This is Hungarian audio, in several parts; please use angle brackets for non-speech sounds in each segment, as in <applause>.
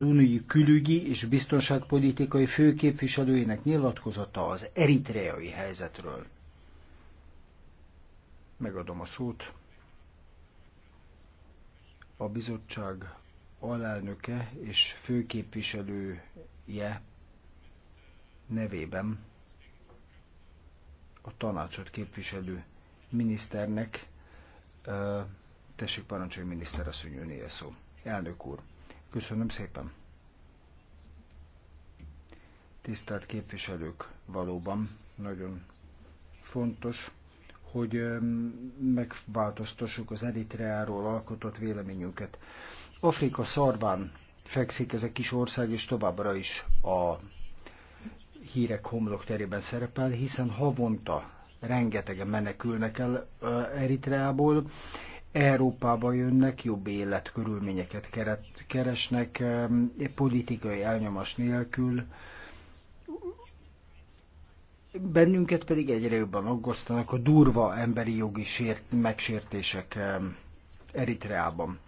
Unió külügyi és biztonságpolitikai főképviselőjének nyilatkozata az eritreai helyzetről. Megadom a szót. A bizottság alelnöke és főképviselője nevében a tanácsot képviselő miniszternek, tessék parancsolj miniszter asszony, önéje szó. Elnök úr! Köszönöm szépen. Tisztelt képviselők, valóban nagyon fontos, hogy megváltoztassuk az Eritreáról alkotott véleményünket. Afrika szarván fekszik ez a kis ország, és továbbra is a hírek homlok terében szerepel, hiszen havonta rengetegen menekülnek el Eritreából, Európába jönnek, jobb életkörülményeket keresnek, eh, politikai elnyomás nélkül. Bennünket pedig egyre jobban aggasztanak a durva emberi jogi sért, megsértések eh, Eritreában.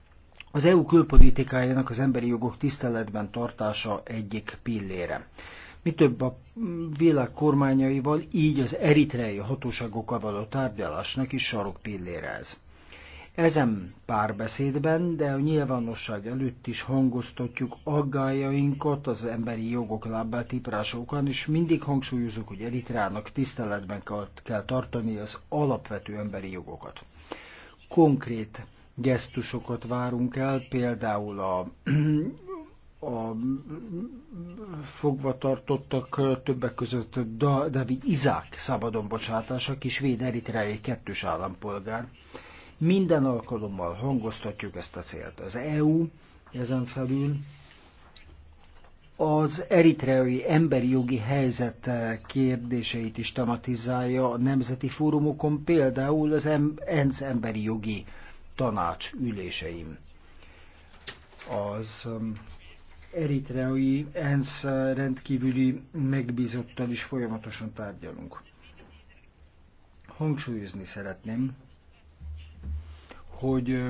Az EU külpolitikájának az emberi jogok tiszteletben tartása egyik pillére. Mi több a világ kormányaival, így az eritreai hatóságokkal való tárgyalásnak is sarok pillére ez. Ezen párbeszédben, de a nyilvánosság előtt is hangoztatjuk aggájainkat az emberi jogok lábbeltiprásokon, és mindig hangsúlyozunk, hogy Eritrának tiszteletben kell tartani az alapvető emberi jogokat. Konkrét gesztusokat várunk el, például a, a fogvatartottak többek között David Izák szabadon bocsátása, aki eritreai kettős állampolgár minden alkalommal hangoztatjuk ezt a célt. Az EU ezen felül az eritreai emberi jogi helyzet kérdéseit is tematizálja a nemzeti fórumokon, például az ENSZ emberi jogi tanács üléseim. Az um, eritreai ENSZ rendkívüli megbízottal is folyamatosan tárgyalunk. Hangsúlyozni szeretném, hogy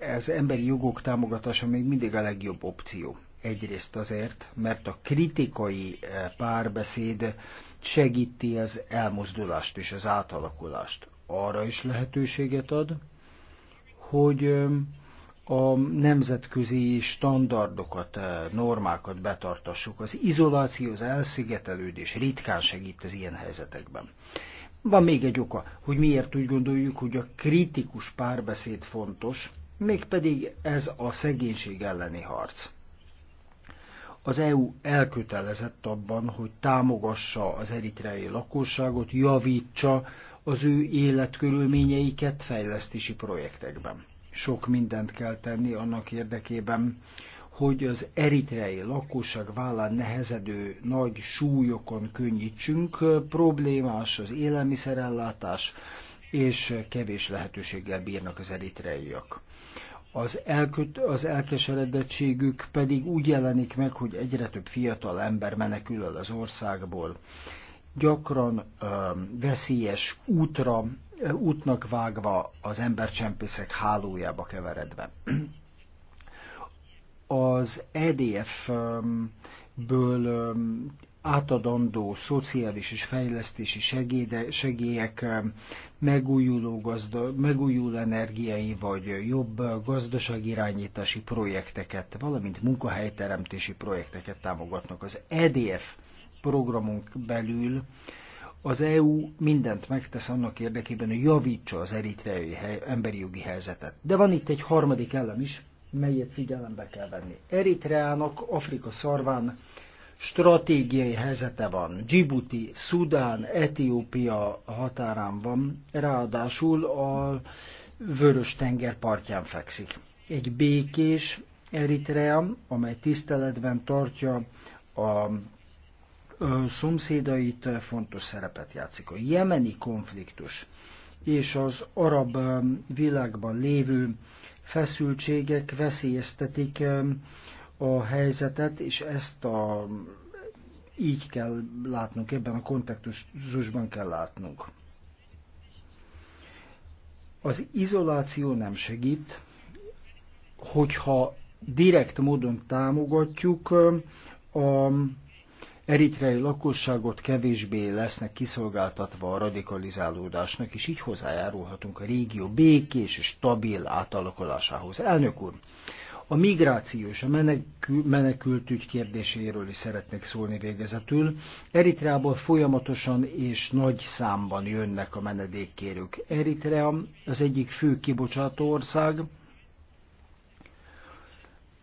az emberi jogok támogatása még mindig a legjobb opció. Egyrészt azért, mert a kritikai párbeszéd segíti az elmozdulást és az átalakulást. Arra is lehetőséget ad, hogy a nemzetközi standardokat, normákat betartassuk. Az izoláció, az elszigetelődés ritkán segít az ilyen helyzetekben. Van még egy oka, hogy miért úgy gondoljuk, hogy a kritikus párbeszéd fontos, mégpedig ez a szegénység elleni harc. Az EU elkötelezett abban, hogy támogassa az eritreai lakosságot, javítsa az ő életkörülményeiket fejlesztési projektekben. Sok mindent kell tenni annak érdekében, hogy az eritrei lakosság vállán nehezedő nagy súlyokon könnyítsünk. Problémás az élelmiszerellátás, és kevés lehetőséggel bírnak az eritreiak. Az, elköt, az elkeseredettségük pedig úgy jelenik meg, hogy egyre több fiatal ember menekül el az országból. Gyakran ö, veszélyes útra, útnak vágva az embercsempészek hálójába keveredve az EDF-ből átadandó szociális és fejlesztési segéde, segélyek megújuló, gazda, megújuló energiai vagy jobb gazdaságirányítási projekteket, valamint munkahelyteremtési projekteket támogatnak. Az EDF programunk belül az EU mindent megtesz annak érdekében, hogy javítsa az eritreai emberi jogi helyzetet. De van itt egy harmadik elem is, melyet figyelembe kell venni. Eritreának Afrika szarván stratégiai helyzete van. Djibouti, Szudán, Etiópia határán van, ráadásul a Vörös tenger partján fekszik. Egy békés Eritrea, amely tiszteletben tartja a szomszédait fontos szerepet játszik. A jemeni konfliktus és az arab világban lévő feszültségek veszélyeztetik a helyzetet, és ezt a, így kell látnunk, ebben a kontextusban kell látnunk. Az izoláció nem segít, hogyha direkt módon támogatjuk a eritreai lakosságot kevésbé lesznek kiszolgáltatva a radikalizálódásnak, és így hozzájárulhatunk a régió békés és stabil átalakulásához. Elnök úr, a migráció és a menekül, menekültügy kérdéséről is szeretnék szólni végezetül. Eritreából folyamatosan és nagy számban jönnek a menedékkérők. Eritrea az egyik fő kibocsátó ország.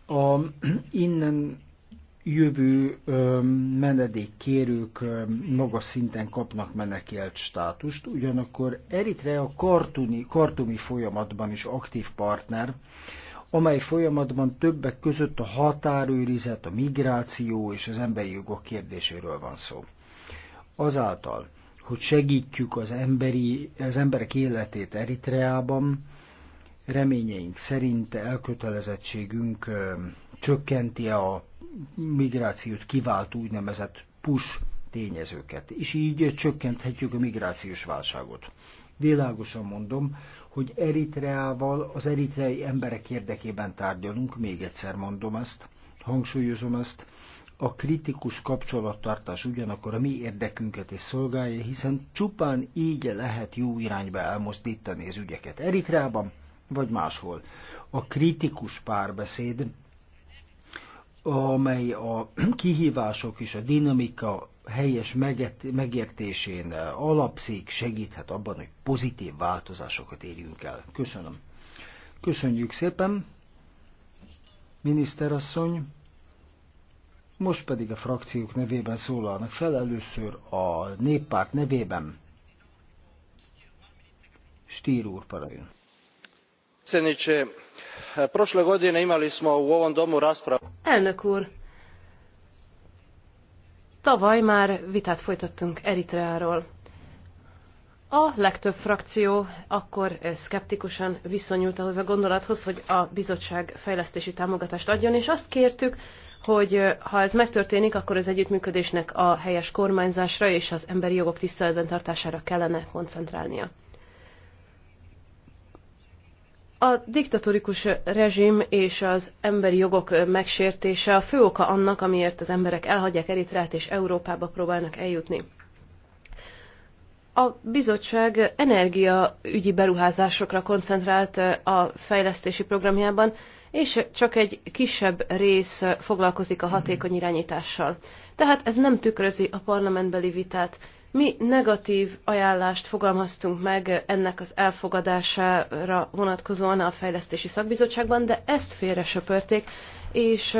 A, innen jövő menedékkérők magas szinten kapnak menekelt státust, ugyanakkor Eritrea a kartuni, kartumi folyamatban is aktív partner, amely folyamatban többek között a határőrizet, a migráció és az emberi jogok kérdéséről van szó. Azáltal, hogy segítjük az, emberi, az emberek életét Eritreában, reményeink szerint elkötelezettségünk csökkenti a migrációt kivált úgynevezett push tényezőket, és így csökkenthetjük a migrációs válságot. Világosan mondom, hogy Eritreával az eritreai emberek érdekében tárgyalunk, még egyszer mondom ezt, hangsúlyozom ezt, a kritikus kapcsolattartás ugyanakkor a mi érdekünket is szolgálja, hiszen csupán így lehet jó irányba elmozdítani az ügyeket Eritreában, vagy máshol. A kritikus párbeszéd amely a <clears throat> kihívások és a dinamika helyes megértésén eh, alapszik, segíthet abban, hogy pozitív változásokat érjünk el. Köszönöm. Köszönjük szépen, miniszterasszony. Most pedig a frakciók nevében szólalnak fel, először a néppárt nevében. Stír úr parajon predsjednie prole godine imali smo u ovom domu raspravu. elnök úr tavaly már vitát folytattunk eritreáról. a legtöbb frakció akkor szkeptikusan viszonyult ahhoz a gondolathoz hogy a bizottság fejlesztési támogatást adjon és azt kértük hogy ha ez megtörténik, akkor az együttműködésnek a helyes kormányzásra és az emberi jogok tiszteletben tartására kellene koncentrálnia. A diktatórikus rezsim és az emberi jogok megsértése a fő oka annak, amiért az emberek elhagyják Eritrát és Európába próbálnak eljutni. A bizottság energiaügyi beruházásokra koncentrált eh, a fejlesztési programjában, és csak egy kisebb rész foglalkozik a hatékony irányítással. Tehát ez nem tükrözi a parlamentbeli vitát, mi negatív ajánlást fogalmaztunk meg ennek az elfogadására vonatkozóan a Fejlesztési Szakbizottságban, de ezt félre söpörték, és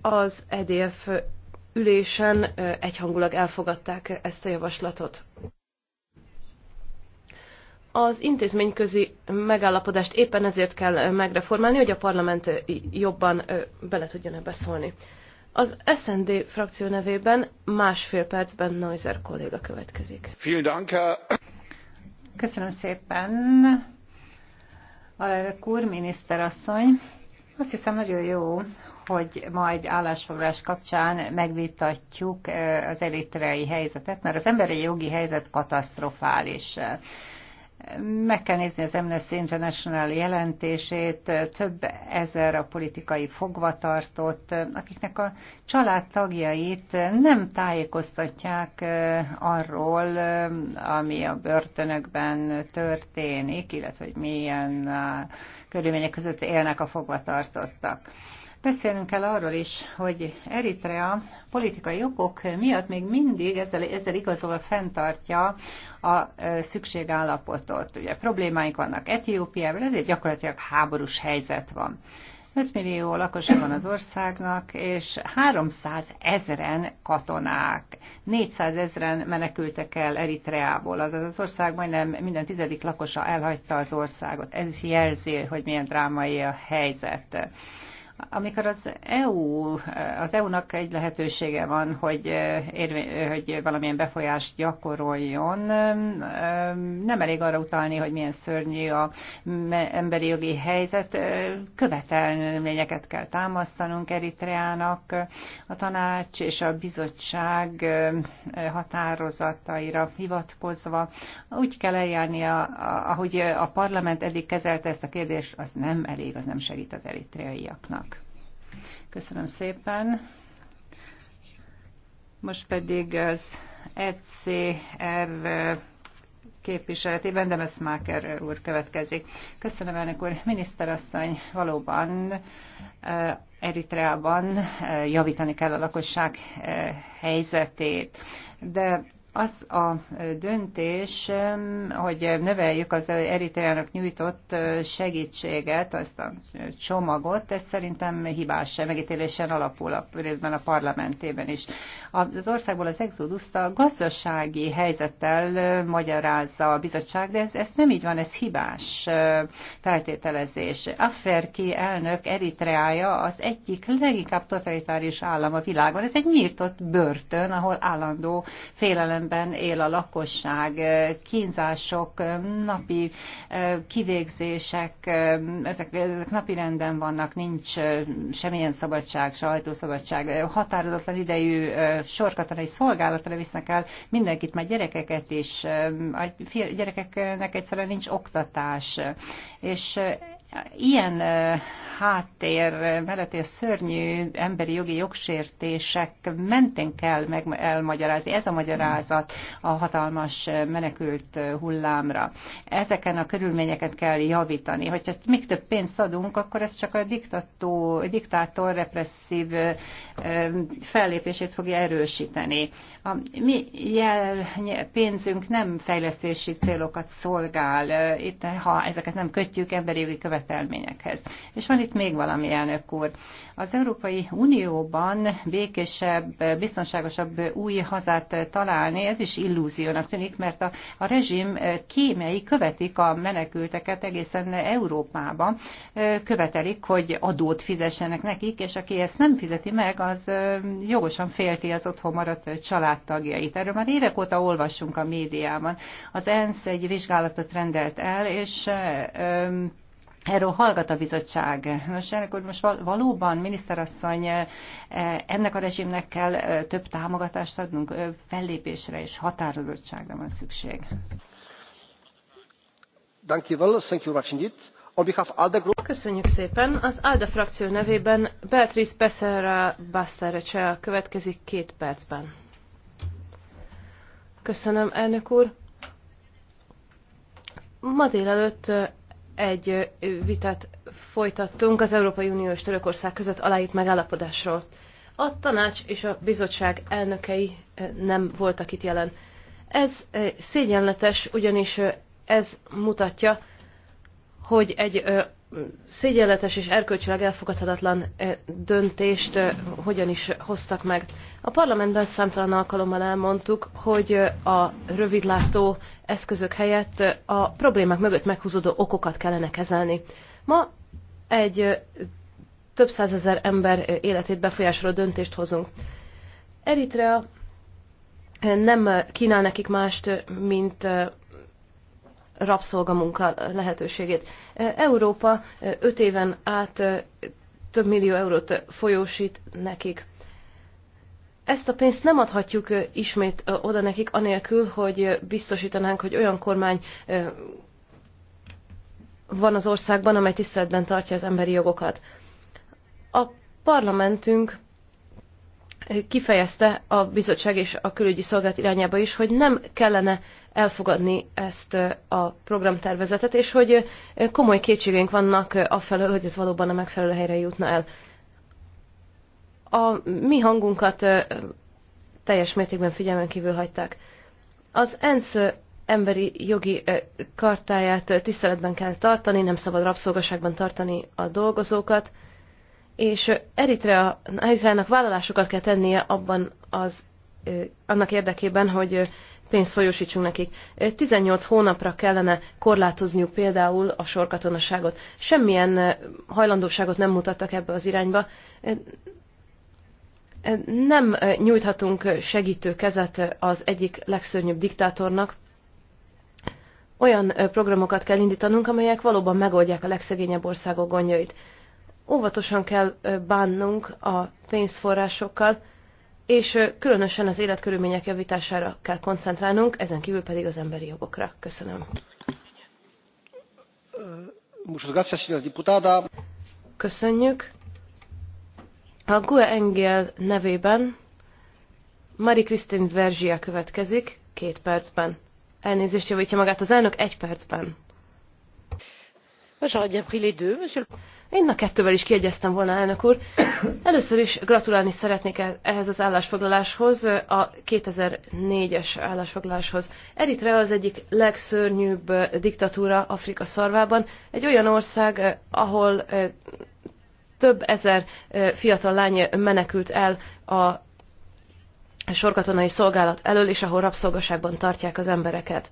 az EDF ülésen egyhangulag elfogadták ezt a javaslatot. Az intézményközi megállapodást éppen ezért kell megreformálni, hogy a parlament jobban bele tudjon ebbe szólni. Az SND frakció nevében másfél percben Neuser kolléga következik. Köszönöm szépen. Alelnök úr, miniszterasszony, azt hiszem nagyon jó, hogy majd állásfoglalás kapcsán megvitatjuk eh, az elitrei helyzetet, mert az emberi jogi helyzet katasztrofális meg kell nézni az Amnesty International jelentését, több ezer a politikai fogvatartott, akiknek a családtagjait nem tájékoztatják arról, ami a börtönökben történik, illetve hogy milyen körülmények között élnek a fogvatartottak. Beszélnünk kell arról is, hogy Eritrea politikai okok miatt még mindig ezzel, ezzel igazolva fenntartja a szükségállapotot. Ugye problémáink vannak Etiópiával, ezért gyakorlatilag háborús helyzet van. 5 millió lakosa van az országnak, és 300 ezeren katonák, 400 ezeren menekültek el Eritreából, azaz az ország majdnem minden tizedik lakosa elhagyta az országot. Ez is jelzi, hogy milyen drámai a helyzet. Amikor az EU, az EU-nak egy lehetősége van, hogy, hogy valamilyen befolyást gyakoroljon, nem elég arra utalni, hogy milyen szörnyű a emberi jogi helyzet, követelményeket kell támasztanunk Eritreának, a tanács és a bizottság határozataira hivatkozva. Úgy kell eljárni, ahogy a parlament eddig kezelte ezt a kérdést, az nem elég, az nem segít az eritreaiaknak. Köszönöm szépen. Most pedig az ECR képviseletében Demeszmáker úr következik. Köszönöm, elnök úr. Miniszterasszony, valóban eh, Eritreában eh, javítani kell a lakosság eh, helyzetét, de az a döntés, hogy növeljük az Eritreának nyújtott segítséget, azt a csomagot, ez szerintem hibás megítélésen alapul a, részben a parlamentében is. Az országból az exodus a gazdasági helyzettel magyarázza a bizottság, de ez, ez nem így van, ez hibás feltételezés. Afferki elnök Eritreája az egyik leginkább totalitárius állam a világon. Ez egy nyíltott börtön, ahol állandó félelem börtönben él a lakosság, kínzások, napi kivégzések, ezek, ezek napi renden vannak, nincs semmilyen szabadság, sajtószabadság, határozatlan idejű sorkatonai szolgálatra visznek el mindenkit, mert gyerekeket is, a gyerekeknek egyszerűen nincs oktatás, és Ilyen háttér mellett és szörnyű emberi jogi jogsértések mentén kell meg elmagyarázni. Ez a magyarázat a hatalmas menekült hullámra. Ezeken a körülményeket kell javítani. Hogyha még több pénzt adunk, akkor ez csak a diktató, diktátor represszív fellépését fogja erősíteni. A mi jel, pénzünk nem fejlesztési célokat szolgál. Itt, ha ezeket nem kötjük emberi jogi követ követelményekhez. És van itt még valami, elnök úr. Az Európai Unióban békésebb, biztonságosabb új hazát találni, ez is illúziónak tűnik, mert a, a rezsim kémei követik a menekülteket egészen Európában, követelik, hogy adót fizessenek nekik, és aki ezt nem fizeti meg, az jogosan félti az otthon maradt családtagjait. Erről már évek óta olvassunk a médiában. Az ENSZ egy vizsgálatot rendelt el, és Erről hallgat a bizottság. Most, ennek, hogy most valóban, miniszterasszony, e, ennek a rezsimnek kell e, több támogatást adnunk, fellépésre és határozottságra van szükség. Köszönjük szépen. Az ALDE frakció nevében Beatrice Becerra Basszerecse következik két percben. Köszönöm, elnök úr. Ma délelőtt egy vitát folytattunk az Európai Unió és Törökország között aláírt megállapodásról. A tanács és a bizottság elnökei nem voltak itt jelen. Ez szégyenletes, ugyanis ez mutatja, hogy egy szégyenletes és erkölcsileg elfogadhatatlan eh, döntést eh, hogyan is hoztak meg. A parlamentben számtalan alkalommal elmondtuk, hogy eh, a rövidlátó eszközök helyett a problémák mögött meghúzódó okokat kellene kezelni. Ma egy több százezer ember életét befolyásoló döntést hozunk. Eritrea nem kínál nekik mást, mint rabszolgamunka lehetőségét. Európa öt éven át több millió eurót folyósít nekik. Ezt a pénzt nem adhatjuk ismét oda nekik, anélkül, hogy biztosítanánk, hogy olyan kormány van az országban, amely tiszteletben tartja az emberi jogokat. A parlamentünk kifejezte a bizottság és a külügyi szolgált irányába is, hogy nem kellene elfogadni ezt a programtervezetet, és hogy komoly kétségeink vannak afelől, hogy ez valóban a megfelelő helyre jutna el. A mi hangunkat teljes mértékben figyelmen kívül hagyták. Az ENSZ emberi jogi kartáját tiszteletben kell tartani, nem szabad rabszolgaságban tartani a dolgozókat, és Eritrea, Eritreának vállalásokat kell tennie abban az, annak érdekében, hogy pénzt folyósítsunk nekik. 18 hónapra kellene korlátozniuk például a sorkatonaságot. Semmilyen hajlandóságot nem mutattak ebbe az irányba. Nem nyújthatunk segítő kezet az egyik legszörnyűbb diktátornak. Olyan programokat kell indítanunk, amelyek valóban megoldják a legszegényebb országok gondjait óvatosan kell bánnunk a pénzforrásokkal, és különösen az életkörülmények javítására kell koncentrálnunk, ezen kívül pedig az emberi jogokra. Köszönöm. Köszönjük. A GUE Engel nevében Marie-Christine Verzsia következik két percben. Elnézést javítja magát az elnök egy percben. Én a kettővel is kiegyeztem volna, elnök úr. Először is gratulálni szeretnék e- ehhez az állásfoglaláshoz, a 2004-es állásfoglaláshoz. Eritrea az egyik legszörnyűbb eh, diktatúra Afrika szarvában. Egy olyan ország, eh, ahol eh, több ezer fiatal lány menekült el a sorkatonai szolgálat elől, és ahol rabszolgaságban tartják az embereket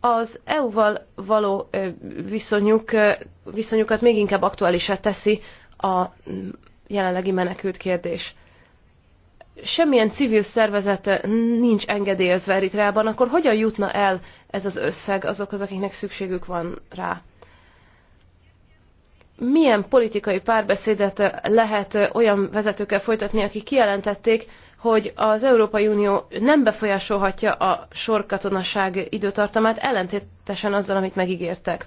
az EU-val való viszonyuk, viszonyukat még inkább aktuálisá teszi a jelenlegi menekült kérdés. Semmilyen civil szervezet nincs engedélyezve Eritreában, akkor hogyan jutna el ez az összeg azokhoz, akiknek szükségük van rá? Milyen politikai párbeszédet lehet olyan vezetőkkel folytatni, akik kijelentették, hogy az Európai Unió nem befolyásolhatja a sorkatonaság időtartamát, ellentétesen azzal, amit megígértek.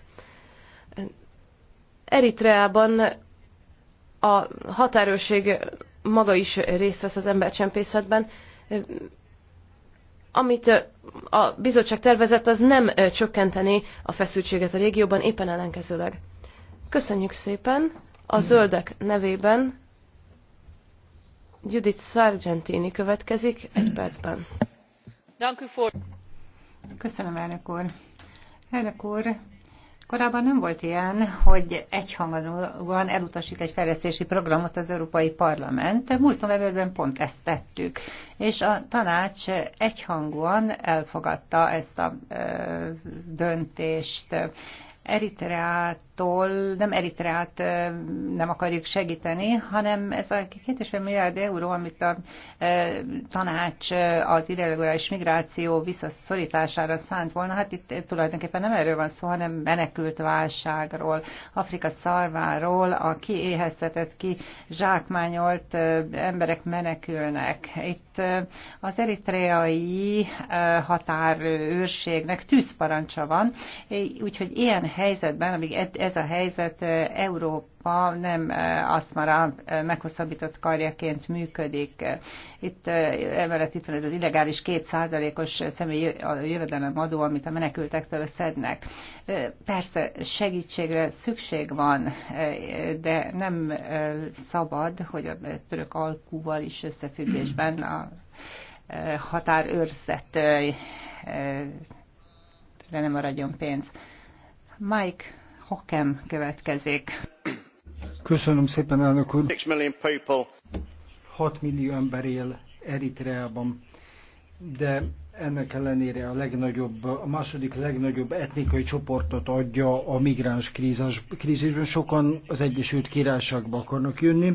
Eritreában a határőrség maga is részt vesz az embercsempészetben. Amit a bizottság tervezett, az nem csökkenteni a feszültséget a régióban, éppen ellenkezőleg. Köszönjük szépen! A zöldek nevében Judith Sargentini következik egy percben. Köszönöm, elnök úr. Elnök úr, Korábban nem volt ilyen, hogy egyhangúan elutasít egy fejlesztési programot az Európai Parlament. Múlt novemberben pont ezt tettük, és a tanács egyhangúan elfogadta ezt a döntést. Eritreát Eritreától, nem Eritreát nem akarjuk segíteni, hanem ez a 2,5 milliárd euró, amit a tanács az irregulális migráció visszaszorítására szánt volna, hát itt tulajdonképpen nem erről van szó, hanem menekült válságról, Afrika szarváról, a kiéheztetett, ki zsákmányolt emberek menekülnek. Itt az eritreai határőrségnek tűzparancsa van, úgyhogy ilyen helyzetben, amíg ez ez a helyzet Európa nem aszmara meghosszabbított karjaként működik. Itt emellett itt van ez az illegális kétszázalékos személyi jövedelem adó, amit a menekültektől szednek. Persze segítségre szükség van, de nem szabad, hogy a török alkúval is összefüggésben a határőrzet de nem maradjon pénz. Mike Hokem következik. Köszönöm szépen, elnök úr. 6 millió ember él Eritreában, de ennek ellenére a legnagyobb, a második legnagyobb etnikai csoportot adja a migráns krízis, krízisben. Sokan az Egyesült Királyságba akarnak jönni.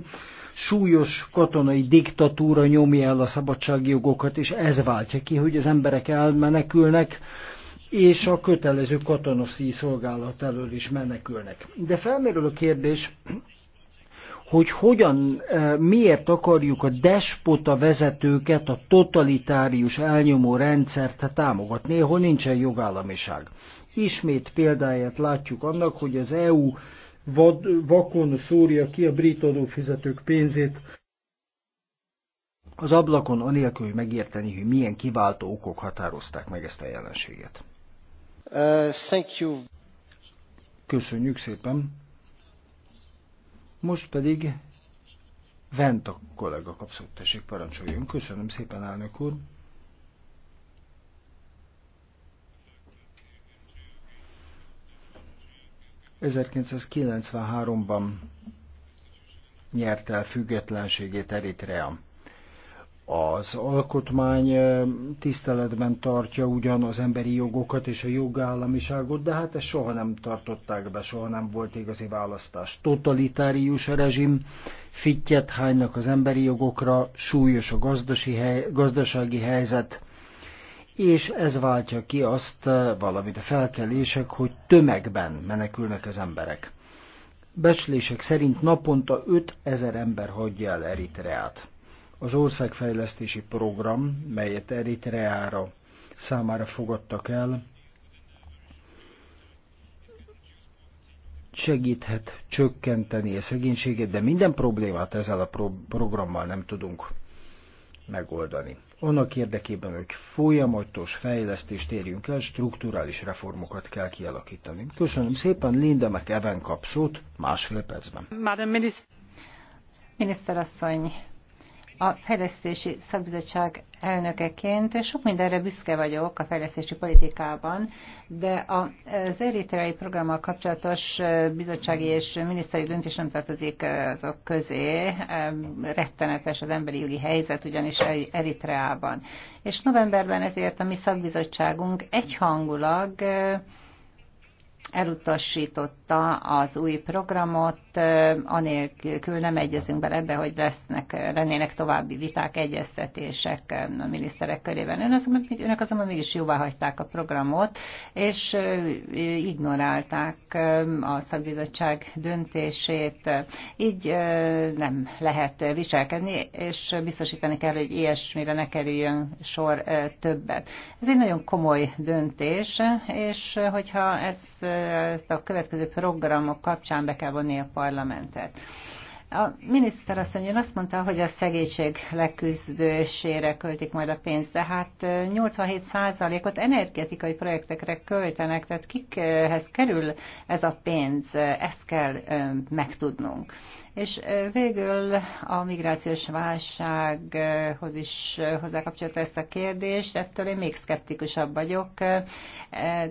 Súlyos katonai diktatúra nyomja el a szabadságjogokat, és ez váltja ki, hogy az emberek elmenekülnek és a kötelező katonoszi szolgálat elől is menekülnek. De felmerül a kérdés, hogy hogyan, eh, miért akarjuk a despota vezetőket, a totalitárius elnyomó rendszert támogatni, ahol nincsen jogállamiság. Ismét példáját látjuk annak, hogy az EU vad, vakon szórja ki a brit adófizetők pénzét az ablakon, anélkül, hogy megérteni, hogy milyen kiváltó okok határozták meg ezt a jelenséget. Uh, thank you. Köszönjük szépen. Most pedig Venta kollega kapszott, tessék parancsoljon. Köszönöm szépen, elnök úr. ...1993-ban el függetlenségét Eritrea az alkotmány tiszteletben tartja ugyan az emberi jogokat és a jogállamiságot, de hát ezt soha nem tartották be, soha nem volt igazi választás. Totalitárius a rezsim, fittyet hánynak az emberi jogokra, súlyos a hely, gazdasági helyzet, és ez váltja ki azt, valamint a felkelések, hogy tömegben menekülnek az emberek. Becslések szerint naponta 5000 ember hagyja el Eritreát. Az országfejlesztési program, melyet Eritreára számára fogadtak el, segíthet csökkenteni a szegénységet, de minden problémát ezzel a pro- programmal nem tudunk megoldani. Annak érdekében, hogy folyamatos fejlesztést érjünk el, strukturális reformokat kell kialakítani. Köszönöm szépen, Linda meg Evan kap szót másfél percben. Miniszterasszony, a Fejlesztési Szakbizottság elnökeként sok mindenre büszke vagyok a fejlesztési politikában, de az eritreai programmal kapcsolatos bizottsági és miniszteri döntés nem tartozik azok közé. Rettenetes az emberi jogi helyzet ugyanis Eritreában. És novemberben ezért a mi szakbizottságunk egyhangulag elutasította az új programot, anélkül nem egyezünk bele ebbe, hogy lesznek, lennének további viták, egyeztetések a miniszterek körében. Ön azonban, önök azonban mégis jóvá hagyták a programot, és ignorálták a szakbizottság döntését. Így nem lehet viselkedni, és biztosítani kell, hogy ilyesmire ne kerüljön sor többet. Ez egy nagyon komoly döntés, és hogyha ezt, ezt a következő programok kapcsán be kell vonni a parlament, parlamentet. A miniszter mondja, azt mondta, hogy a szegénység leküzdésére költik majd a pénzt, de hát 87%-ot energetikai projektekre költenek, tehát kikhez kerül ez a pénz, ezt kell megtudnunk. És végül a migrációs válsághoz is hozzákapcsolta ezt a kérdést, ettől én még szkeptikusabb vagyok.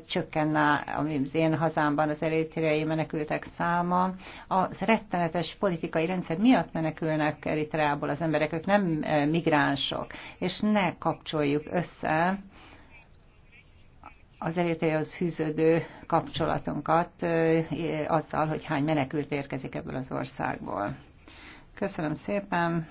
Csökkenne az én hazámban az eritreai menekültek száma. A rettenetes politikai rendszer miatt menekülnek Eritreából az emberek, ők nem migránsok, és ne kapcsoljuk össze az elértéhez fűződő kapcsolatunkat azzal, hogy hány menekült érkezik ebből az országból. Köszönöm szépen!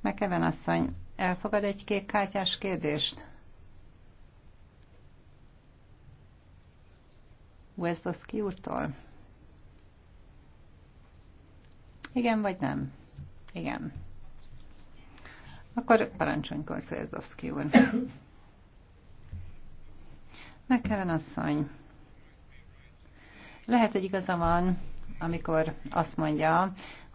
Mekeven asszony, elfogad egy kék kártyás kérdést? Wezdowski úrtól? Igen vagy nem? Igen. Akkor parancsoljon Korszajezdowski úr. Megkelen asszony. Lehet, hogy igaza van, amikor azt mondja,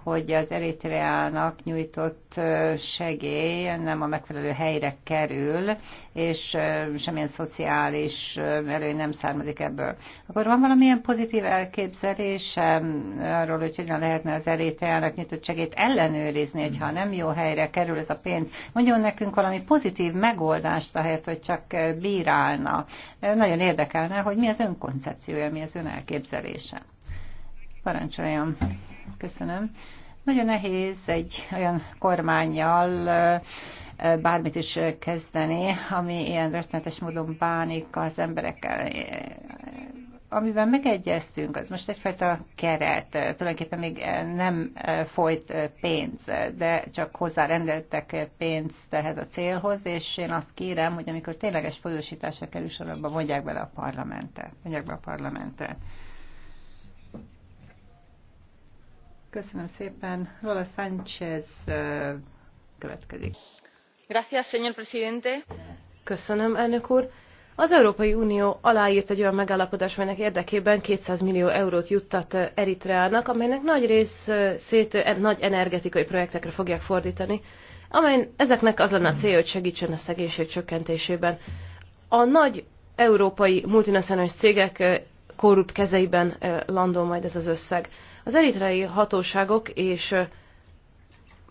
hogy az Eritreának nyújtott segély nem a megfelelő helyre kerül, és semmilyen szociális előny nem származik ebből. Akkor van valamilyen pozitív elképzelés arról, hogy hogyan lehetne az Eritreának nyújtott segélyt ellenőrizni, hogyha mm-hmm. nem jó helyre kerül ez a pénz. Mondjon nekünk valami pozitív megoldást, ahelyett, hogy csak bírálna. Nagyon érdekelne, hogy mi az önkoncepciója, mi az ön elképzelése. Parancsoljon! Köszönöm. Nagyon nehéz egy olyan kormányjal bármit is kezdeni, ami ilyen rettenetes módon bánik az emberekkel amiben megegyeztünk, az most egyfajta keret, tulajdonképpen még nem folyt pénz, de csak hozzárendeltek pénzt ehhez a célhoz, és én azt kérem, hogy amikor tényleges folyósításra kerül sor, abban mondják bele a parlamentet. Mondják be a parlamentet. Köszönöm szépen. Lola Sánchez következik. Gracias, señor presidente. Köszönöm, elnök úr. Az Európai Unió aláírt egy olyan megállapodás, melynek érdekében 200 millió eurót juttat Eritreának, amelynek nagy részét nagy energetikai projektekre fogják fordítani, amely ezeknek az lenne a célja, hogy segítsen a szegénység csökkentésében. A nagy európai multinacionális cégek korrupt kezeiben landol majd ez az összeg. Az eritreai hatóságok és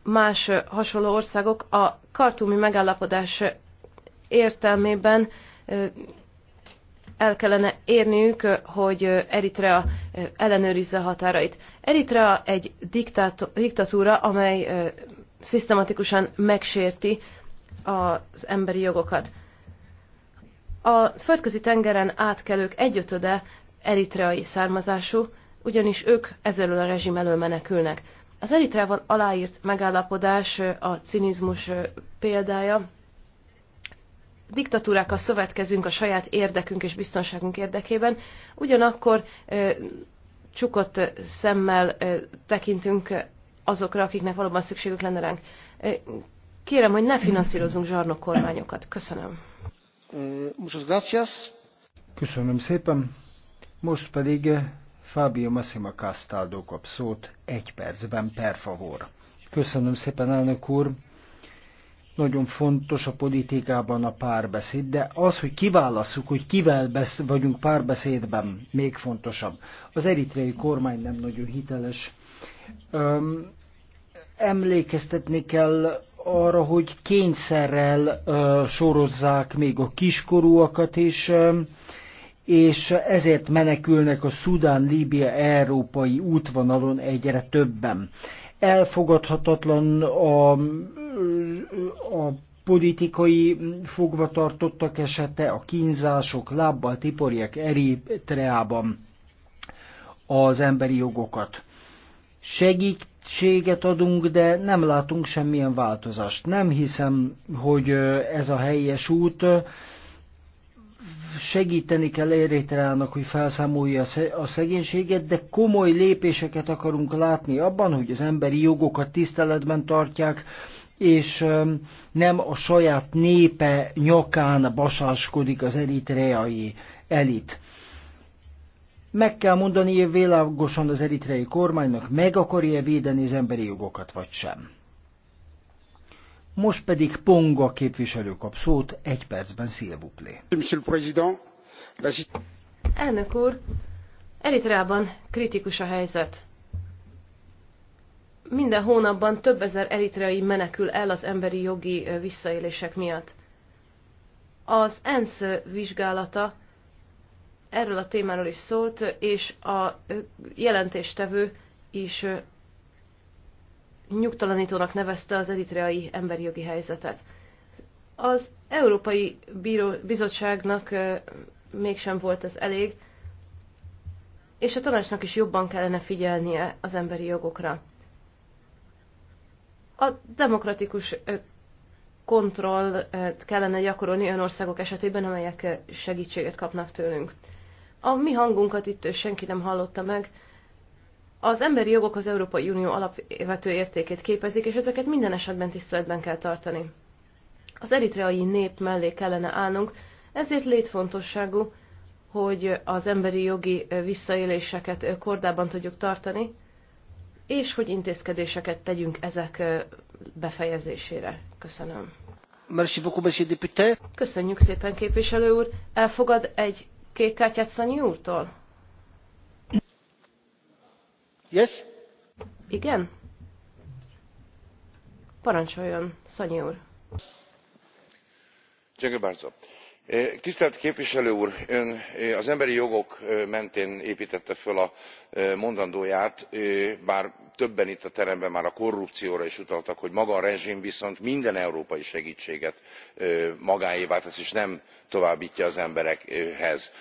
más hasonló országok a kartumi megállapodás értelmében el kellene érniük, hogy Eritrea ellenőrizze határait. Eritrea egy diktatúra, amely szisztematikusan megsérti az emberi jogokat. A földközi tengeren átkelők egyötöde eritreai származású, ugyanis ők ezelől a rezsim elől menekülnek. Az Eritrával aláírt megállapodás a cinizmus példája. Diktatúrákkal szövetkezünk a saját érdekünk és biztonságunk érdekében, ugyanakkor csukott szemmel tekintünk azokra, akiknek valóban szükségük lenne ránk. Kérem, hogy ne finanszírozunk zsarnok kormányokat. Köszönöm. Mm, Köszönöm szépen. Most pedig Fábio Massima Castaldo kap szót egy percben per favor. Köszönöm szépen, elnök úr! Nagyon fontos a politikában a párbeszéd, de az, hogy kiválasszuk, hogy kivel besz- vagyunk párbeszédben, még fontosabb. Az eritreai kormány nem nagyon hiteles. Öm, emlékeztetni kell arra, hogy kényszerrel ö, sorozzák még a kiskorúakat, és ö, és ezért menekülnek a Szudán-Líbia európai útvonalon egyre többen. Elfogadhatatlan a, a politikai fogvatartottak esete, a kínzások, lábbal tiporják Eritreában az emberi jogokat. Segítséget adunk, de nem látunk semmilyen változást. Nem hiszem, hogy ez a helyes út segíteni kell Eritreának, hogy felszámolja a szegénységet, de komoly lépéseket akarunk látni abban, hogy az emberi jogokat tiszteletben tartják, és nem a saját népe nyakán basáskodik az eritreai elit. Meg kell mondani világosan az eritreai kormánynak, meg akarja védeni az emberi jogokat, vagy sem. Most pedig Ponga képviselő kap szót, egy percben szilvuplé. Elnök úr, Eritreában kritikus a helyzet. Minden hónapban több ezer eritreai menekül el az emberi jogi visszaélések miatt. Az ENSZ vizsgálata erről a témáról is szólt, és a jelentéstevő is nyugtalanítónak nevezte az eritreai emberi jogi helyzetet. Az Európai Bíró Bizottságnak mégsem volt ez elég, és a tanácsnak is jobban kellene figyelnie az emberi jogokra. A demokratikus kontroll kellene gyakorolni olyan országok esetében, amelyek segítséget kapnak tőlünk. A mi hangunkat itt senki nem hallotta meg, az emberi jogok az Európai Unió alapvető értékét képezik, és ezeket minden esetben tiszteletben kell tartani. Az eritreai nép mellé kellene állnunk, ezért létfontosságú, hogy az emberi jogi visszaéléseket kordában tudjuk tartani, és hogy intézkedéseket tegyünk ezek befejezésére. Köszönöm. Köszönjük szépen, képviselő úr. Elfogad egy kék kártyát Szanyi úrtól? Yes? Igen? Parancsoljon, Szanyi úr. Eh, tisztelt képviselő úr, ön eh, az emberi jogok eh, mentén építette föl a mondandóját, bár többen itt a teremben már a korrupcióra is utaltak, hogy maga a rezsim viszont minden európai segítséget magáévá tesz, és nem továbbítja az emberekhez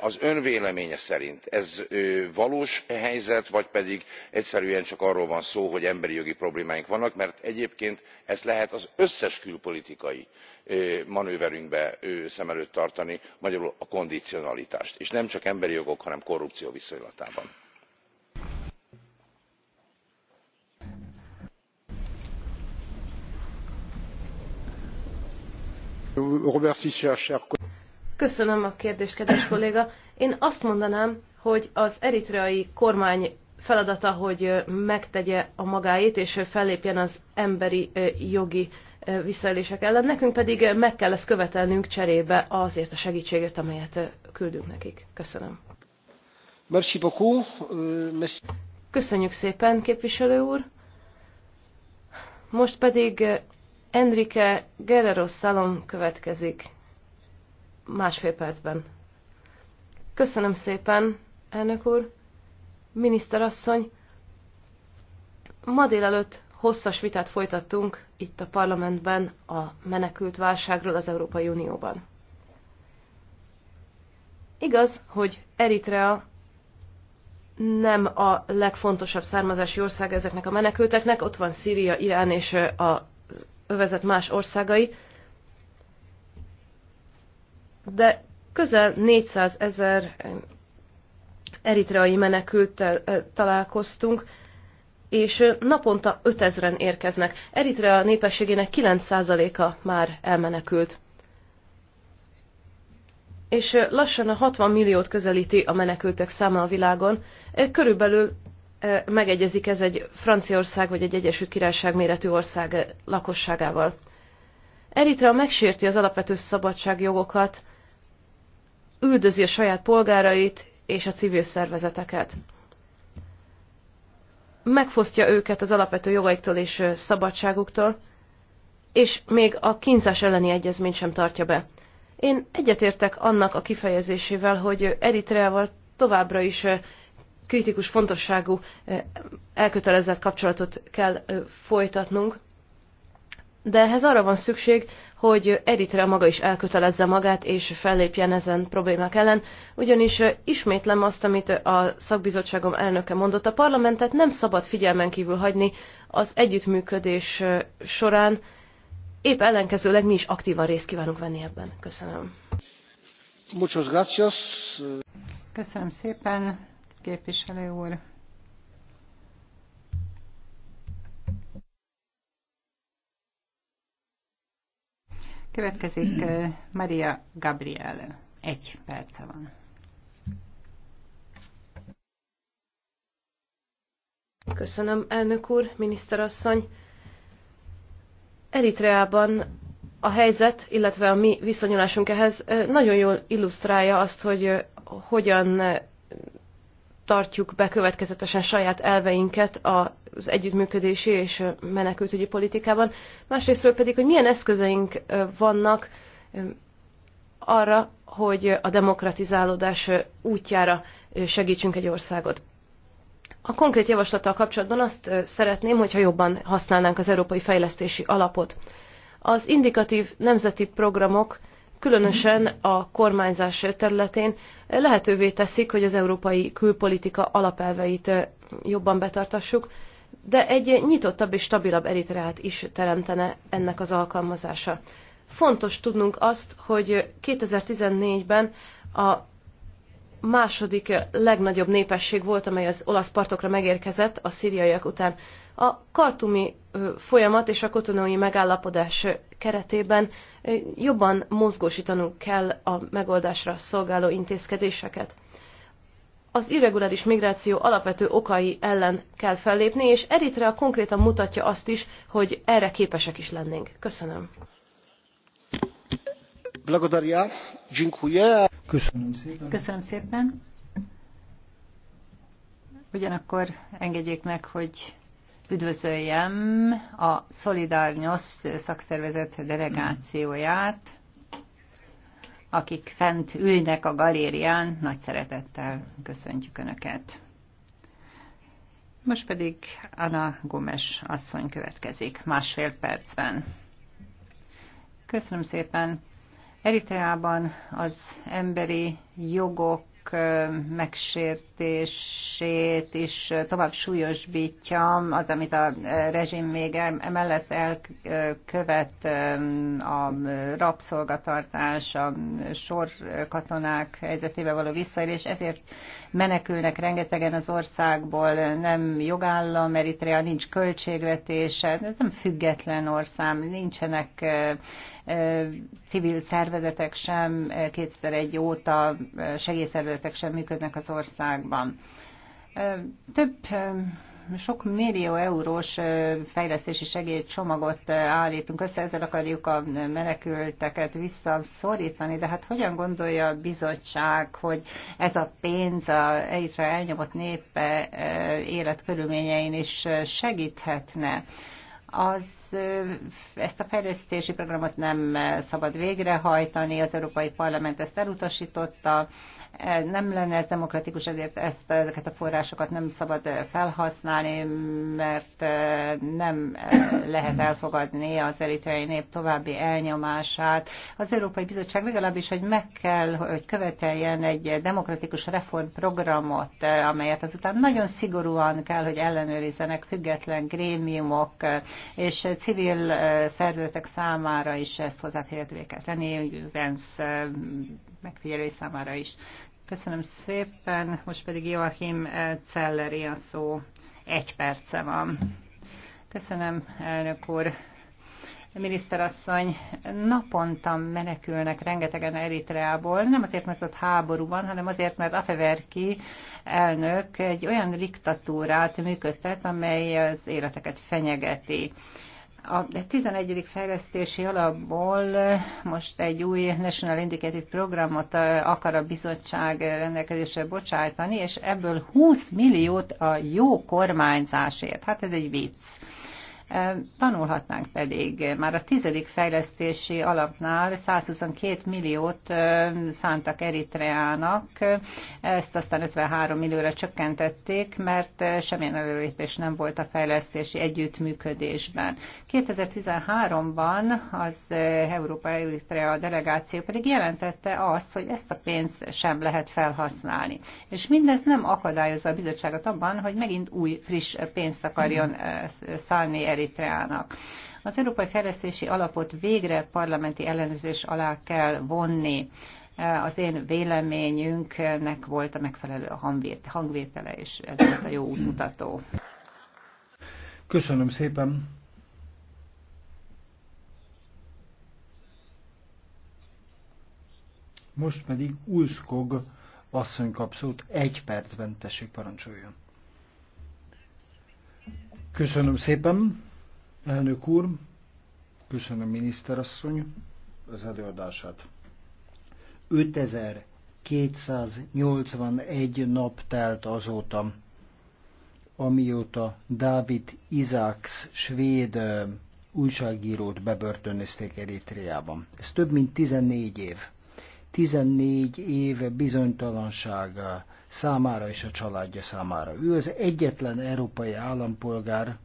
az ön véleménye szerint ez valós helyzet vagy pedig egyszerűen csak arról van szó hogy emberi jogi problémáink vannak mert egyébként ezt lehet az összes külpolitikai manőverünkbe szem előtt tartani magyarul a kondicionalitást és nem csak emberi jogok hanem korrupció viszonylatában. Köszönöm a kérdést, kedves kolléga. Én azt mondanám, hogy az eritreai kormány feladata, hogy megtegye a magáét, és fellépjen az emberi jogi visszaélések ellen. Nekünk pedig meg kell ezt követelnünk cserébe azért a segítségért, amelyet küldünk nekik. Köszönöm. Merci beaucoup. Euh, Köszönjük szépen, képviselő úr. Most pedig Enrique Guerrero Salom következik másfél percben. Köszönöm szépen, elnök úr, miniszterasszony. Ma délelőtt hosszas vitát folytattunk itt a parlamentben a menekült válságról az Európai Unióban. Igaz, hogy Eritrea nem a legfontosabb származási ország ezeknek a menekülteknek, ott van Szíria, Irán és a övezet más országai, de közel 400 ezer eritreai menekülttel találkoztunk, és naponta 5000-en érkeznek. Eritrea népességének 9%-a már elmenekült. És lassan a 60 milliót közelíti a menekültek száma a világon. Körülbelül megegyezik ez egy Franciaország vagy egy Egyesült Királyság méretű ország lakosságával. Eritrea megsérti az alapvető szabadságjogokat, üldözi a saját polgárait és a civil szervezeteket. Megfosztja őket az alapvető jogaiktól és szabadságuktól, és még a kínzás elleni egyezményt sem tartja be. Én egyetértek annak a kifejezésével, hogy Eritreával továbbra is kritikus fontosságú elkötelezett kapcsolatot kell folytatnunk, de ehhez arra van szükség, hogy Eritrea maga is elkötelezze magát és fellépjen ezen problémák ellen, ugyanis ismétlem azt, amit a szakbizottságom elnöke mondott, a parlamentet nem szabad figyelmen kívül hagyni az együttműködés során, épp ellenkezőleg mi is aktívan részt kívánunk venni ebben. Köszönöm. Köszönöm szépen, képviselő úr. Következik Maria Gabriel. Egy perce van. Köszönöm, elnök úr, miniszterasszony. Eritreában a helyzet, illetve a mi viszonyulásunk ehhez nagyon jól illusztrálja azt, hogy hogyan tartjuk be következetesen saját elveinket a az együttműködési és menekültügyi politikában, másrésztről pedig, hogy milyen eszközeink vannak arra, hogy a demokratizálódás útjára segítsünk egy országot. A konkrét javaslattal kapcsolatban azt szeretném, hogyha jobban használnánk az Európai Fejlesztési Alapot. Az indikatív nemzeti programok különösen a kormányzás területén lehetővé teszik, hogy az európai külpolitika alapelveit jobban betartassuk, de egy nyitottabb és stabilabb Eritreát is teremtene ennek az alkalmazása. Fontos tudnunk azt, hogy 2014-ben a második legnagyobb népesség volt, amely az olasz partokra megérkezett a szíriaiak után. A kartumi folyamat és a kotonói megállapodás keretében jobban mozgósítanunk kell a megoldásra szolgáló intézkedéseket az irreguláris migráció alapvető okai ellen kell fellépni, és Eritrea konkrétan mutatja azt is, hogy erre képesek is lennénk. Köszönöm. Köszönöm szépen. Köszönöm szépen. Ugyanakkor engedjék meg, hogy üdvözöljem a Solidarnyoszt szakszervezet delegációját akik fent ülnek a galérián, nagy szeretettel köszöntjük Önöket. Most pedig Anna Gomes asszony következik másfél percben. Köszönöm szépen. Eritreában az emberi jogok megsértését is tovább súlyosbítja az, amit a rezsim még emellett elkövet a rabszolgatartás, a sorkatonák helyzetébe való visszaérés. ezért menekülnek rengetegen az országból, nem jogállam, Eritrea nincs költségvetése, ez nem független ország, nincsenek civil szervezetek sem, 2001 óta segélyszervezetek sem működnek az országban. Több sok millió eurós fejlesztési segélycsomagot állítunk össze, ezzel akarjuk a menekülteket visszaszorítani, de hát hogyan gondolja a bizottság, hogy ez a pénz a egyre elnyomott nép életkörülményein is segíthetne? Az ezt a fejlesztési programot nem szabad végrehajtani, az Európai Parlament ezt elutasította, nem lenne ez demokratikus, ezért ezt, ezeket a forrásokat nem szabad felhasználni, mert nem lehet elfogadni az eritreai nép további elnyomását. Az Európai Bizottság legalábbis, hogy meg kell, hogy követeljen egy demokratikus reformprogramot, amelyet azután nagyon szigorúan kell, hogy ellenőrizzenek független grémiumok, és civil szervezetek számára is ezt hozzáférhetővé kell tenni, az ENSZ megfigyelői számára is. Köszönöm szépen, most pedig Joachim Celleri a szó. Egy perce van. Köszönöm, elnök úr. Miniszterasszony, naponta menekülnek rengetegen Eritreából, nem azért, mert ott háború van, hanem azért, mert Afeverki elnök egy olyan diktatúrát működtet, amely az életeket fenyegeti. A 11. fejlesztési alapból most egy új National Indicative programot eh, akar a bizottság rendelkezésre bocsájtani, és ebből 20 milliót a jó kormányzásért. Hát ez egy vicc. Tanulhatnánk pedig, már a tizedik fejlesztési alapnál 122 milliót szántak Eritreának, ezt aztán 53 millióra csökkentették, mert semmilyen előrépés nem volt a fejlesztési együttműködésben. 2013-ban az Európa Eritrea delegáció pedig jelentette azt, hogy ezt a pénzt sem lehet felhasználni. És mindez nem akadályozza a bizottságot abban, hogy megint új, friss pénzt akarjon szállni Eritreának eritreának Az Európai Fejlesztési Alapot végre parlamenti ellenőrzés alá kell vonni. Az én véleményünknek volt a megfelelő hangvétele, és ez volt a jó útmutató. Köszönöm szépen! Most pedig Ulszkog asszony kap szót. Egy percben tessék parancsoljon. Köszönöm szépen. Elnök úr, köszönöm miniszterasszony az előadását. 5281 nap telt azóta, amióta Dávid Izaks svéd újságírót bebörtönözték Eritreában. Ez több mint 14 év. 14 év bizonytalanság számára és a családja számára. Ő az egyetlen európai állampolgár,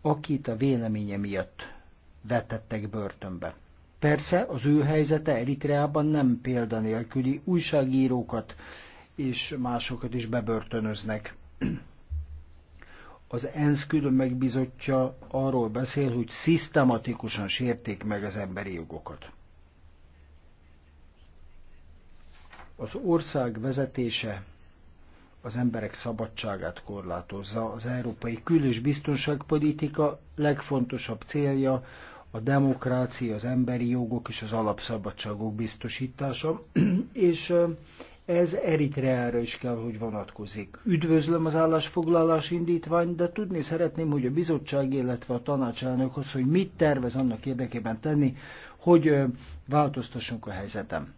akit a véleménye miatt vetettek börtönbe. Persze az ő helyzete Eritreában nem példanélküli újságírókat és másokat is bebörtönöznek. Az ENSZ külön megbizotja arról beszél, hogy szisztematikusan sérték meg az emberi jogokat. Az ország vezetése az emberek szabadságát korlátozza. Az európai kül- és biztonságpolitika legfontosabb célja a demokrácia, az emberi jogok és az alapszabadságok biztosítása, <clears throat> és ez Eritreára is kell, hogy vonatkozik. Üdvözlöm az állásfoglalás indítványt, de tudni szeretném, hogy a bizottság, illetve a tanácselnökhoz, hogy mit tervez annak érdekében tenni, hogy változtassunk a helyzetem.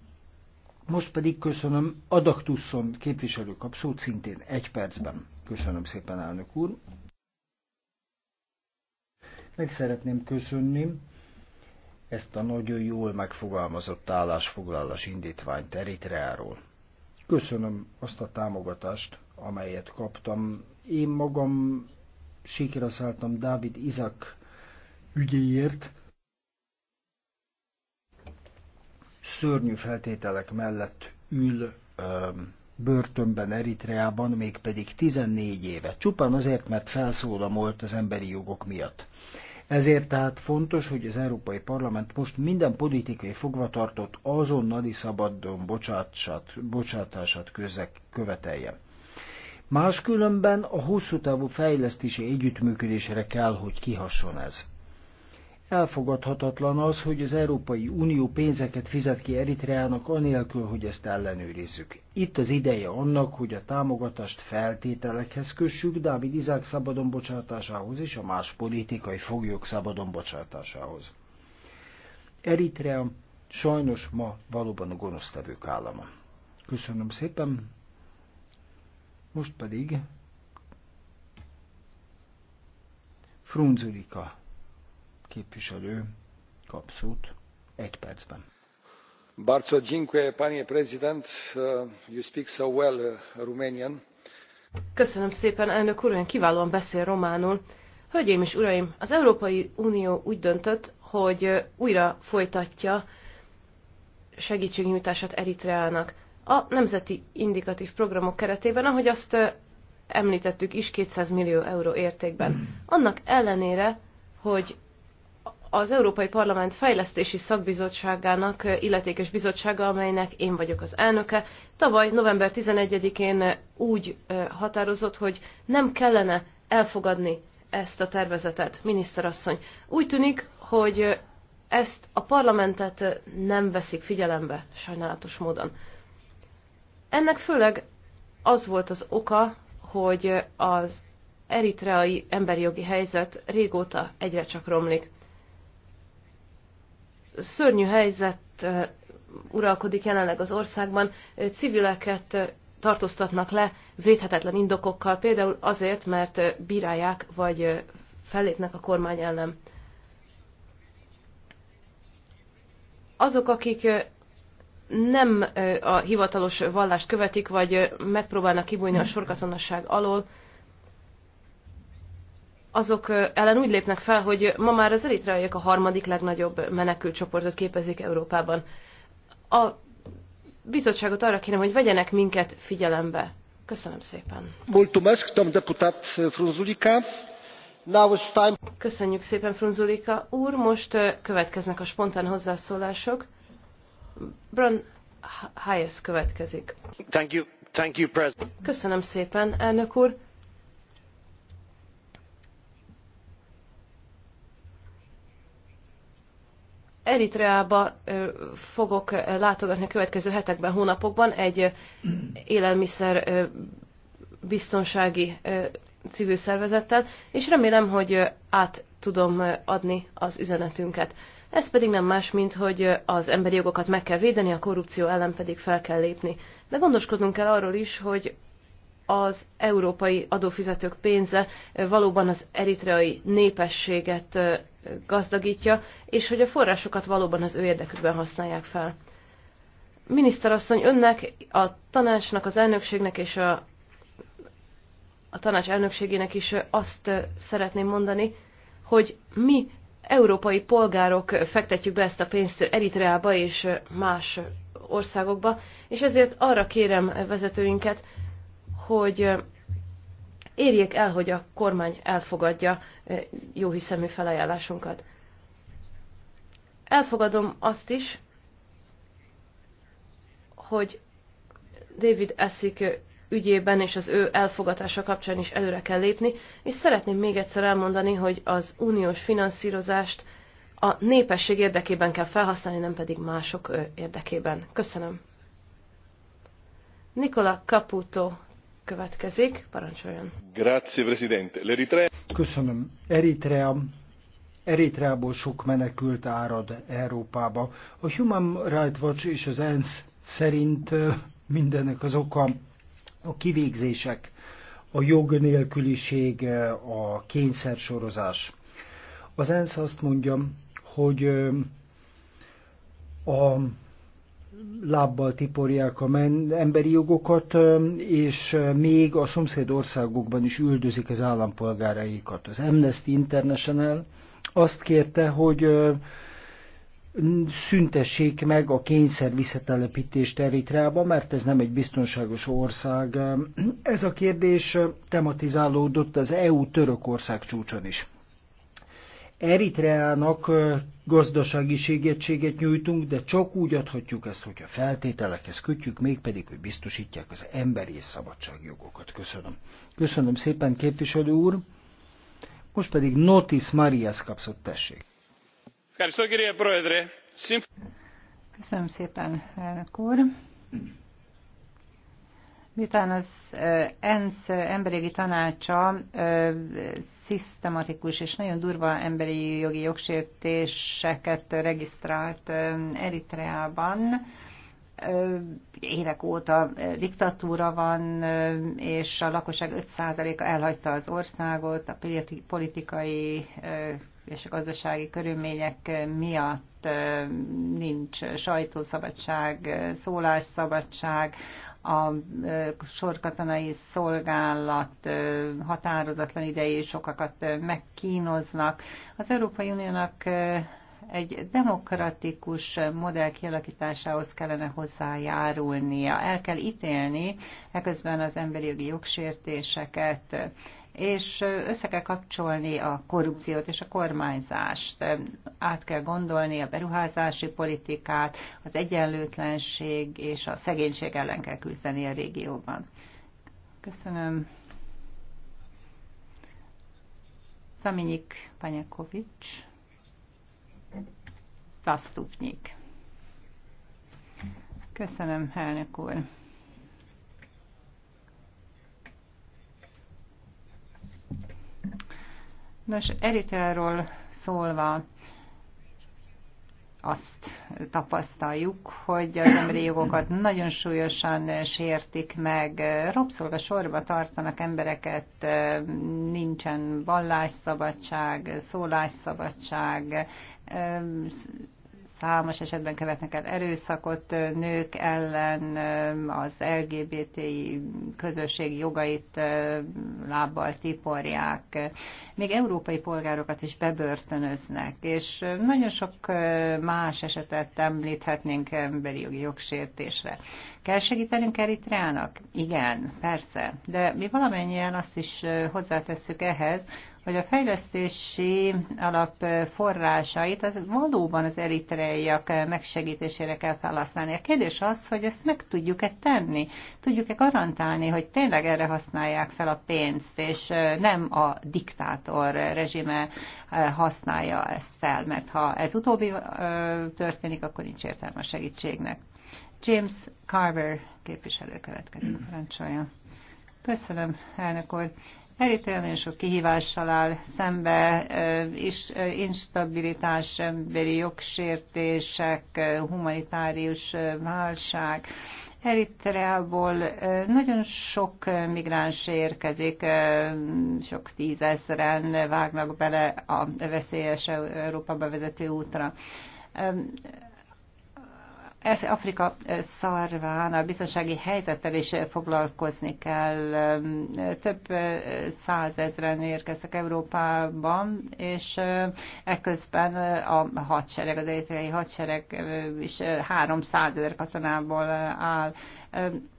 Most pedig köszönöm Adaktusson képviselő kapszót szintén egy percben. Köszönöm szépen, elnök úr. Meg szeretném köszönni ezt a nagyon jól megfogalmazott állásfoglalás indítványt Eritreáról. Köszönöm azt a támogatást, amelyet kaptam. Én magam sikra szálltam Dávid Izak ügyéért, szörnyű feltételek mellett ül börtönben Eritreában, mégpedig 14 éve, csupán azért, mert felszólamolt az emberi jogok miatt. Ezért tehát fontos, hogy az Európai Parlament most minden politikai fogvatartott azonnali szabadon bocsátását, bocsátását közek követelje. Máskülönben a hosszú távú fejlesztési együttműködésre kell, hogy kihasson ez. Elfogadhatatlan az, hogy az Európai Unió pénzeket fizet ki Eritreának, anélkül, hogy ezt ellenőrizzük. Itt az ideje annak, hogy a támogatást feltételekhez kössük Dávid Izák szabadon bocsátásához és a más politikai foglyok szabadon bocsátásához. Eritrea sajnos ma valóban a gonosztevők állama. Köszönöm szépen. Most pedig Frunzulika képviselő kap szót egy percben. Bardzo dziękuję, panie prezident. Uh, you speak so well uh, Romanian. Köszönöm szépen, elnök úr, olyan kiválóan beszél románul. Hölgyeim és uraim, az Európai Unió úgy döntött, hogy uh, újra folytatja segítségnyújtását Eritreának. A nemzeti indikatív programok keretében, ahogy azt említettük is, 200 millió euró értékben. Annak ellenére, hogy az Európai Parlament Fejlesztési Szakbizottságának eh, illetékes bizottsága, amelynek én vagyok az elnöke, tavaly november 11-én eh, úgy eh, határozott, hogy nem kellene elfogadni ezt a tervezetet, miniszterasszony. Úgy tűnik, hogy ezt a parlamentet nem veszik figyelembe, sajnálatos módon. Ennek főleg az volt az oka, hogy az eritreai emberi jogi helyzet régóta egyre csak romlik szörnyű helyzet uralkodik jelenleg az országban. Civileket tartóztatnak le védhetetlen indokokkal, például azért, mert bírálják vagy fellépnek a kormány ellen. Azok, akik nem a hivatalos vallást követik, vagy megpróbálnak kibújni a sorgatonosság alól, azok ellen úgy lépnek fel, hogy ma már az eritreaiak a harmadik legnagyobb menekültcsoportot képezik Európában. A bizottságot arra kérem, hogy vegyenek minket figyelembe. Köszönöm szépen. Frunzulica. Now it's time. Köszönjük szépen, Frunzulika úr. Most következnek a spontán hozzászólások. Brun Hayes következik. Thank you. Thank you, President. Köszönöm szépen, elnök úr Eritreába fogok látogatni a következő hetekben, hónapokban egy élelmiszer biztonsági civil szervezettel, és remélem, hogy át tudom adni az üzenetünket. Ez pedig nem más, mint hogy az emberi jogokat meg kell védeni, a korrupció ellen pedig fel kell lépni. De gondoskodnunk kell arról is, hogy az európai adófizetők pénze valóban az eritreai népességet gazdagítja, és hogy a forrásokat valóban az ő érdekükben használják fel. Miniszterasszony, önnek, a tanácsnak, az elnökségnek és a, a tanács elnökségének is azt szeretném mondani, hogy mi európai polgárok fektetjük be ezt a pénzt Eritreába és más országokba, és ezért arra kérem vezetőinket, hogy érjék el, hogy a kormány elfogadja jóhiszemű felajánlásunkat. Elfogadom azt is, hogy David Essig ügyében és az ő elfogatása kapcsán is előre kell lépni, és szeretném még egyszer elmondani, hogy az uniós finanszírozást a népesség érdekében kell felhasználni, nem pedig mások érdekében. Köszönöm. Nikola Caputo következik. Parancsoljon. Grazie, Presidente. L'Eritrea... Köszönöm. Eritrea Eritreából sok menekült árad Európába. A Human Rights Watch és az ENSZ szerint mindennek az oka a kivégzések, a jog nélküliség, a kényszersorozás. Az ENSZ azt mondja, hogy a lábbal tiporják a men, emberi jogokat, és még a szomszéd országokban is üldözik az állampolgáraikat. Az Amnesty International azt kérte, hogy szüntessék meg a kényszer visszatelepítést Eritreába, mert ez nem egy biztonságos ország. Ez a kérdés tematizálódott az EU-Törökország csúcson is. Eritreának gazdasági segítséget nyújtunk, de csak úgy adhatjuk ezt, hogyha feltételekhez kötjük, mégpedig, hogy biztosítják az emberi és szabadságjogokat. Köszönöm. Köszönöm szépen, képviselő úr. Most pedig Notis Marias kapszott tessék. Köszönöm szépen, elnök úr. Miután az ENSZ emberi tanácsa szisztematikus és nagyon durva emberi jogi jogsértéseket regisztrált Eritreában, évek óta diktatúra van, és a lakosság 5%-a elhagyta az országot a politikai és a gazdasági körülmények miatt nincs sajtószabadság, szólásszabadság, a sorkatonai szolgálat határozatlan idejé sokakat megkínoznak. Az Európai Uniónak egy demokratikus modell kialakításához kellene hozzájárulnia. El kell ítélni eközben az emberi jogi jogsértéseket és össze kell kapcsolni a korrupciót és a kormányzást. Át kell gondolni a beruházási politikát, az egyenlőtlenség és a szegénység ellen kell küzdeni a régióban. Köszönöm. Szaminyik Panyakovics. Zastupnyik. Köszönöm, elnök úr. Nos, Eritreáról szólva azt tapasztaljuk, hogy az emberi jogokat nagyon súlyosan sértik meg, rabszolva sorba tartanak embereket, nincsen vallásszabadság, szólásszabadság, Számos esetben követnek el erőszakot nők ellen, az LGBTI közösség jogait lábbal tiporják. Még európai polgárokat is bebörtönöznek, és nagyon sok más esetet említhetnénk emberi jogi jogsértésre. Kell segítenünk Eritreának? Igen, persze. De mi valamennyien azt is hozzátesszük ehhez, hogy a fejlesztési alap forrásait az valóban az eritreiak megsegítésére kell felhasználni. A kérdés az, hogy ezt meg tudjuk-e tenni? Tudjuk-e garantálni, hogy tényleg erre használják fel a pénzt, és nem a diktátor rezsime használja ezt fel, mert ha ez utóbbi történik, akkor nincs értelme a segítségnek. James Carver képviselő következik, parancsolja. Köszönöm, elnök úr. Eritrea nagyon sok kihívással áll szembe, és instabilitás, emberi jogsértések, humanitárius válság. Eritreából nagyon sok migráns érkezik, sok tízezren vágnak bele a veszélyes Európa bevezető útra ez Afrika szarván a biztonsági helyzettel is foglalkozni kell. Több százezren érkeztek Európában, és ekközben a hadsereg, az eritreai hadsereg is három százezer katonából áll.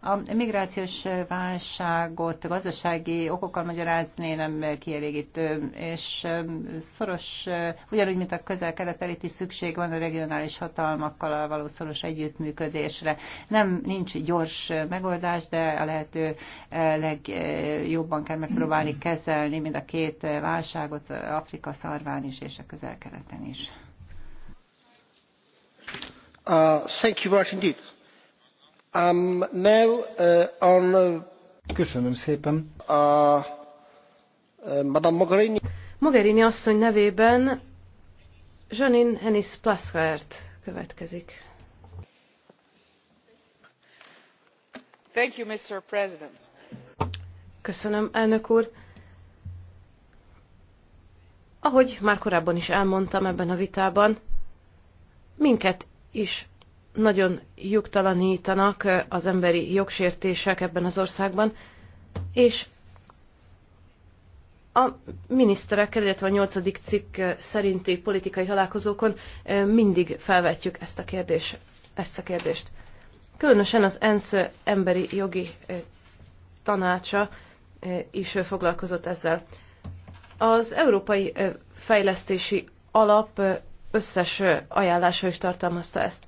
A migrációs válságot gazdasági okokkal magyarázni nem kielégítő, és um, szoros, ugyanúgy, mint a közel-kelet szükség van a regionális hatalmakkal való szoros együttműködésre. Nem nincs gyors megoldás, de a lehető eh, legjobban kell megpróbálni kezelni mind a két válságot, Afrika szarván is és a közel-keleten is. Uh, thank you very much indeed. Um, now, uh, on, uh, Köszönöm szépen. A, uh, uh, Madame Mogherini. Mogherini asszony nevében Janin Henis Plaskert következik. Thank you, Mr. President. Köszönöm, elnök úr. Ahogy már korábban is elmondtam ebben a vitában, minket is nagyon jogtalanítanak eh, az emberi jogsértések ebben az országban, és a miniszterekkel, illetve a nyolcadik cikk eh, szerinti politikai találkozókon eh, mindig felvetjük ezt a, kérdés, ezt a kérdést. Különösen az ENSZ emberi jogi tanácsa is foglalkozott ezzel. Az Európai Fejlesztési Alap összes ajánlása is tartalmazta ezt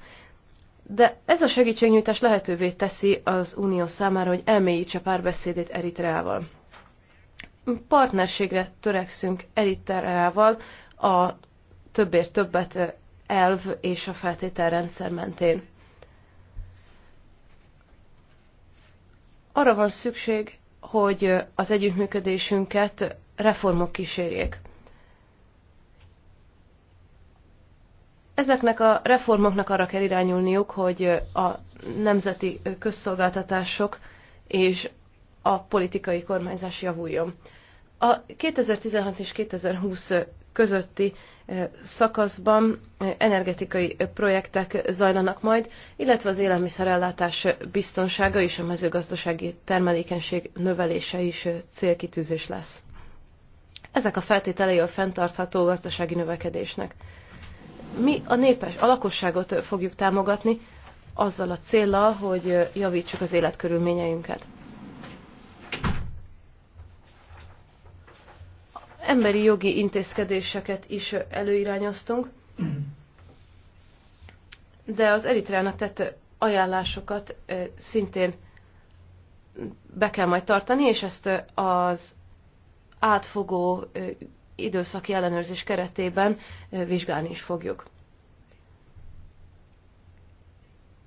de ez a segítségnyújtás lehetővé teszi az Unió számára, hogy elmélyítse párbeszédét Eritreával. Partnerségre törekszünk Eritreával a többért többet elv és a feltételrendszer mentén. Arra van szükség, hogy az együttműködésünket reformok kísérjék. Ezeknek a reformoknak arra kell irányulniuk, hogy a nemzeti közszolgáltatások és a politikai kormányzás javuljon. A 2016 és 2020 közötti eh, szakaszban eh, energetikai projektek zajlanak majd, illetve az élelmiszerellátás biztonsága és a mezőgazdasági termelékenység növelése is eh, célkitűzés lesz. Ezek a feltételei a fenntartható gazdasági növekedésnek mi a népes, a lakosságot fogjuk támogatni, azzal a céllal, hogy javítsuk az életkörülményeinket. Emberi jogi intézkedéseket is előirányoztunk, de az Eritreának tett ajánlásokat szintén be kell majd tartani, és ezt az átfogó időszaki ellenőrzés keretében vizsgálni is fogjuk.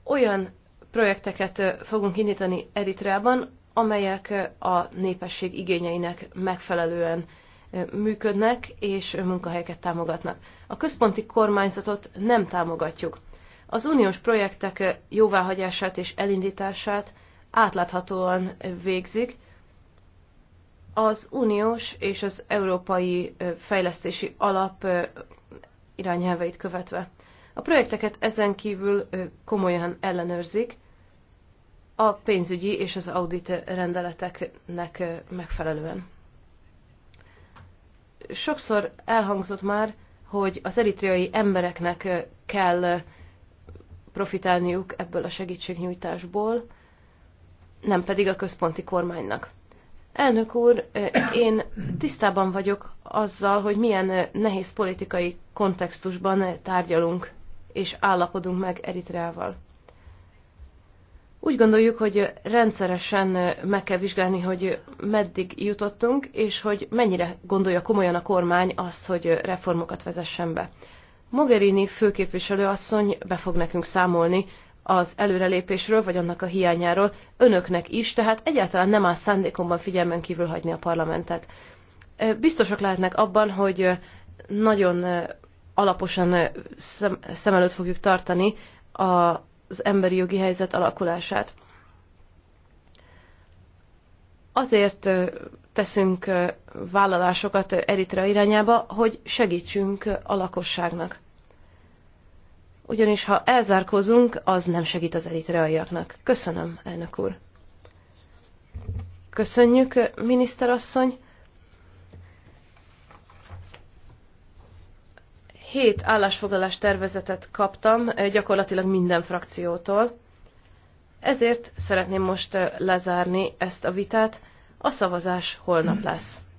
Olyan projekteket fogunk indítani Eritreában, amelyek a népesség igényeinek megfelelően működnek és munkahelyeket támogatnak. A központi kormányzatot nem támogatjuk. Az uniós projektek jóváhagyását és elindítását átláthatóan végzik, az uniós és az európai fejlesztési alap irányelveit követve. A projekteket ezen kívül komolyan ellenőrzik a pénzügyi és az audit rendeleteknek megfelelően. Sokszor elhangzott már, hogy az eritreai embereknek kell profitálniuk ebből a segítségnyújtásból, nem pedig a központi kormánynak. Elnök úr, én tisztában vagyok azzal, hogy milyen nehéz politikai kontextusban tárgyalunk és állapodunk meg Eritreával. Úgy gondoljuk, hogy rendszeresen meg kell vizsgálni, hogy meddig jutottunk, és hogy mennyire gondolja komolyan a kormány azt, hogy reformokat vezessen be. Mogherini főképviselő asszony be fog nekünk számolni az előrelépésről, vagy annak a hiányáról önöknek is, tehát egyáltalán nem áll szándékomban figyelmen kívül hagyni a parlamentet. Biztosak lehetnek abban, hogy nagyon alaposan szem, előtt fogjuk tartani az emberi jogi helyzet alakulását. Azért teszünk vállalásokat Eritrea irányába, hogy segítsünk a lakosságnak ugyanis ha elzárkozunk, az nem segít az eritreaiaknak. Köszönöm, elnök úr. Köszönjük, miniszterasszony. Hét állásfoglalás tervezetet kaptam gyakorlatilag minden frakciótól. Ezért szeretném most lezárni ezt a vitát. A szavazás holnap lesz.